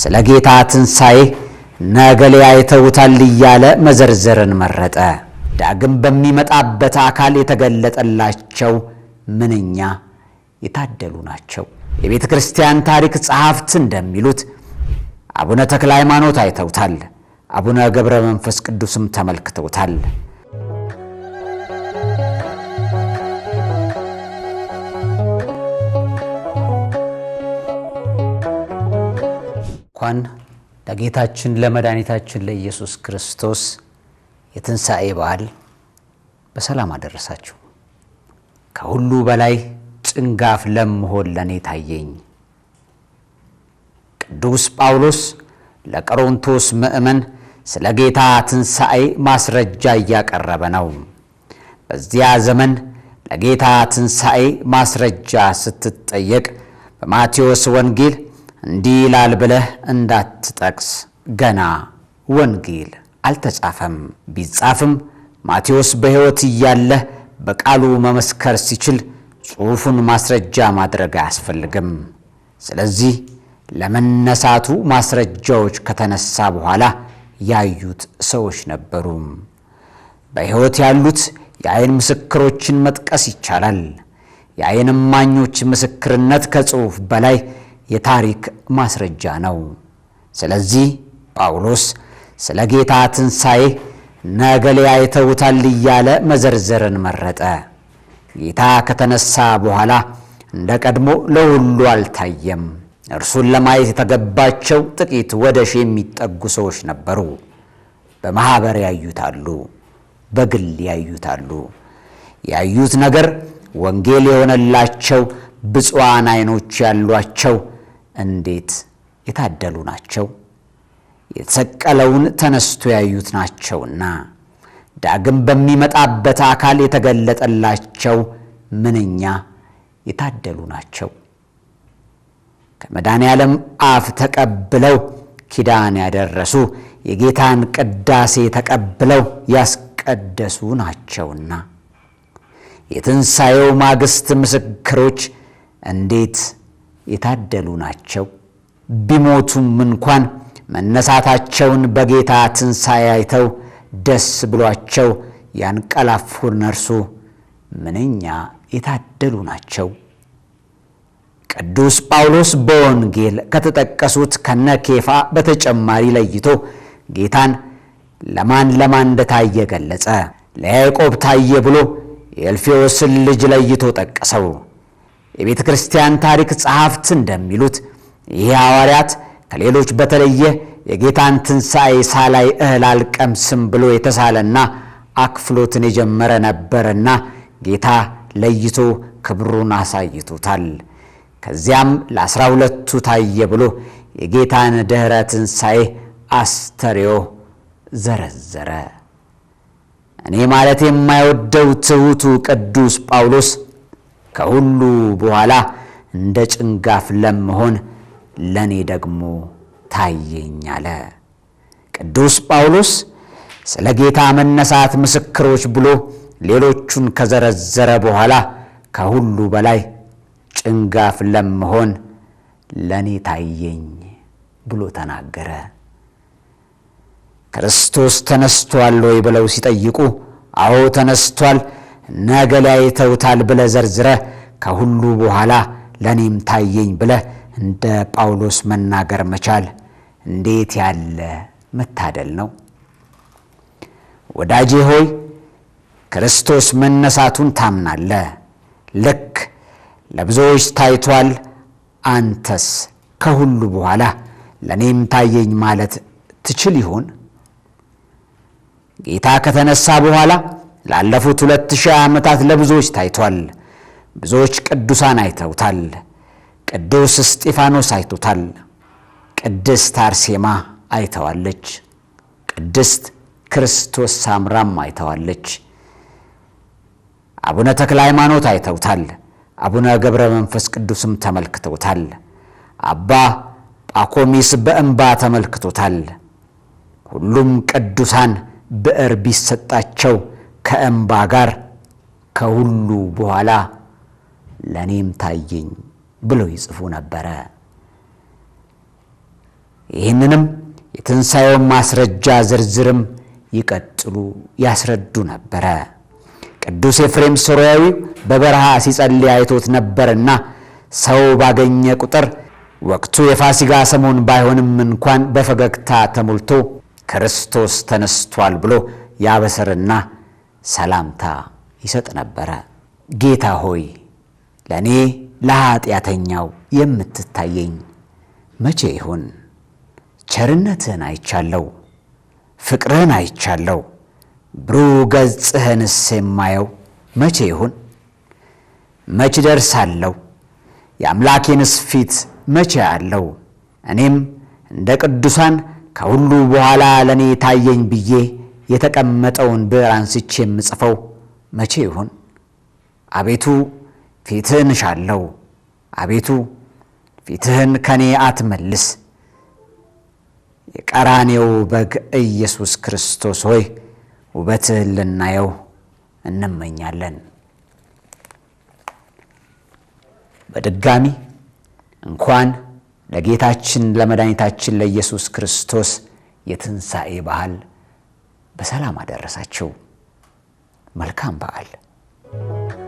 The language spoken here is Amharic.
ስለ ጌታ ትንሣኤ ነገሌ አይተውታል እያለ መዘርዘርን መረጠ። ዳግም በሚመጣበት አካል የተገለጠላቸው ምንኛ የታደሉ ናቸው። የቤተ ክርስቲያን ታሪክ ጸሐፍት እንደሚሉት አቡነ ተክለ ሃይማኖት አይተውታል፣ አቡነ ገብረ መንፈስ ቅዱስም ተመልክተውታል። እንኳን ለጌታችን ለመድኃኒታችን ለኢየሱስ ክርስቶስ የትንሣኤ በዓል በሰላም አደረሳችሁ። ከሁሉ በላይ ጭንጋፍ ለምሆን ለእኔ ታየኝ። ቅዱስ ጳውሎስ ለቆሮንቶስ ምእመን ስለ ጌታ ትንሣኤ ማስረጃ እያቀረበ ነው። በዚያ ዘመን ለጌታ ትንሣኤ ማስረጃ ስትጠየቅ በማቴዎስ ወንጌል እንዲህ ይላል ብለህ እንዳትጠቅስ ገና ወንጌል አልተጻፈም። ቢጻፍም ማቴዎስ በሕይወት እያለ በቃሉ መመስከር ሲችል ጽሑፉን ማስረጃ ማድረግ አያስፈልግም። ስለዚህ ለመነሳቱ ማስረጃዎች ከተነሳ በኋላ ያዩት ሰዎች ነበሩ። በሕይወት ያሉት የአይን ምስክሮችን መጥቀስ ይቻላል። የዓይን እማኞች ምስክርነት ከጽሑፍ በላይ የታሪክ ማስረጃ ነው። ስለዚህ ጳውሎስ ስለ ጌታ ትንሣኤ ነገሌ አይተውታል እያለ መዘርዘርን መረጠ። ጌታ ከተነሳ በኋላ እንደ ቀድሞ ለሁሉ አልታየም። እርሱን ለማየት የተገባቸው ጥቂት ወደ ሺ የሚጠጉ ሰዎች ነበሩ። በማኅበር ያዩታሉ፣ በግል ያዩታሉ። ያዩት ነገር ወንጌል የሆነላቸው ብፁዓን ዐይኖች ያሏቸው እንዴት የታደሉ ናቸው! የተሰቀለውን ተነስቶ ያዩት ናቸውና ዳግም በሚመጣበት አካል የተገለጠላቸው ምንኛ የታደሉ ናቸው! ከመድኃኔ ዓለም አፍ ተቀብለው ኪዳን ያደረሱ የጌታን ቅዳሴ ተቀብለው ያስቀደሱ ናቸውና የትንሣኤው ማግስት ምስክሮች እንዴት የታደሉ ናቸው። ቢሞቱም እንኳን መነሳታቸውን በጌታ ትንሣኤ አይተው ደስ ብሏቸው ያንቀላፉ እነርሱ ምንኛ የታደሉ ናቸው። ቅዱስ ጳውሎስ በወንጌል ከተጠቀሱት ከነኬፋ በተጨማሪ ለይቶ ጌታን ለማን ለማን እንደታየ ገለጸ። ለያዕቆብ ታየ ብሎ የእልፌዎስን ልጅ ለይቶ ጠቀሰው። የቤተ ክርስቲያን ታሪክ ጸሐፍት እንደሚሉት ይህ ሐዋርያት ከሌሎች በተለየ የጌታን ትንሣኤ ሳላይ እህል አልቀምስም ብሎ የተሳለና አክፍሎትን የጀመረ ነበርና ጌታ ለይቶ ክብሩን አሳይቶታል። ከዚያም ለአስራ ሁለቱ ታየ ብሎ የጌታን ድኅረ ትንሣኤ አስተርእዮ ዘረዘረ። እኔ ማለት የማይወደው ትሑቱ ቅዱስ ጳውሎስ ከሁሉ በኋላ እንደ ጭንጋፍ ለም መሆን ለእኔ ደግሞ ታየኝ አለ። ቅዱስ ጳውሎስ ስለ ጌታ መነሳት ምስክሮች ብሎ ሌሎቹን ከዘረዘረ በኋላ ከሁሉ በላይ ጭንጋፍ ለም መሆን ለእኔ ታየኝ ብሎ ተናገረ። ክርስቶስ ተነስቷል ወይ ብለው ሲጠይቁ አዎ ተነስቷል ነገ ለያይተውታል ብለ ዘርዝረ ከሁሉ በኋላ ለእኔም ታየኝ ብለ እንደ ጳውሎስ መናገር መቻል እንዴት ያለ መታደል ነው! ወዳጄ ሆይ ክርስቶስ መነሳቱን ታምናለ ልክ ለብዙዎች ታይቷል፣ አንተስ ከሁሉ በኋላ ለእኔም ታየኝ ማለት ትችል ይሆን? ጌታ ከተነሳ በኋላ ላለፉት ሁለት ሺህ ዓመታት ለብዙዎች ታይቷል። ብዙዎች ቅዱሳን አይተውታል። ቅዱስ እስጢፋኖስ አይቶታል። ቅድስት አርሴማ አይተዋለች። ቅድስት ክርስቶስ ሳምራም አይተዋለች። አቡነ ተክለ ሃይማኖት አይተውታል። አቡነ ገብረ መንፈስ ቅዱስም ተመልክተውታል። አባ ጳኮሚስ በእንባ ተመልክቶታል። ሁሉም ቅዱሳን ብዕር ቢሰጣቸው ከእምባ ጋር ከሁሉ በኋላ ለእኔም ታየኝ ብለው ይጽፉ ነበረ። ይህንንም የትንሣኤውን ማስረጃ ዝርዝርም ይቀጥሉ ያስረዱ ነበረ። ቅዱስ ኤፍሬም ሶርያዊ በበረሃ ሲጸልይ አይቶት ነበርና ሰው ባገኘ ቁጥር ወቅቱ የፋሲጋ ሰሞን ባይሆንም እንኳን በፈገግታ ተሞልቶ ክርስቶስ ተነስቷል ብሎ ያበሰርና ሰላምታ ይሰጥ ነበረ። ጌታ ሆይ ለእኔ ለኀጢአተኛው የምትታየኝ መቼ ይሁን? ቸርነትህን አይቻለሁ፣ ፍቅርህን አይቻለሁ፣ ብሩህ ገጽህንስ የማየው መቼ ይሁን? መች ደርሳለሁ? የአምላኬንስ ፊት መቼ አለው? እኔም እንደ ቅዱሳን ከሁሉ በኋላ ለእኔ ታየኝ ብዬ የተቀመጠውን ብዕር አንስቼ የምጽፈው መቼ ይሆን? አቤቱ ፊትህን እሻለው። አቤቱ ፊትህን ከኔ አትመልስ። የቀራኔው በግ ኢየሱስ ክርስቶስ ሆይ ውበትህን ልናየው እንመኛለን። በድጋሚ እንኳን ለጌታችን ለመድኃኒታችን ለኢየሱስ ክርስቶስ የትንሣኤ ባህል በሰላም አደረሳችሁ። መልካም በዓል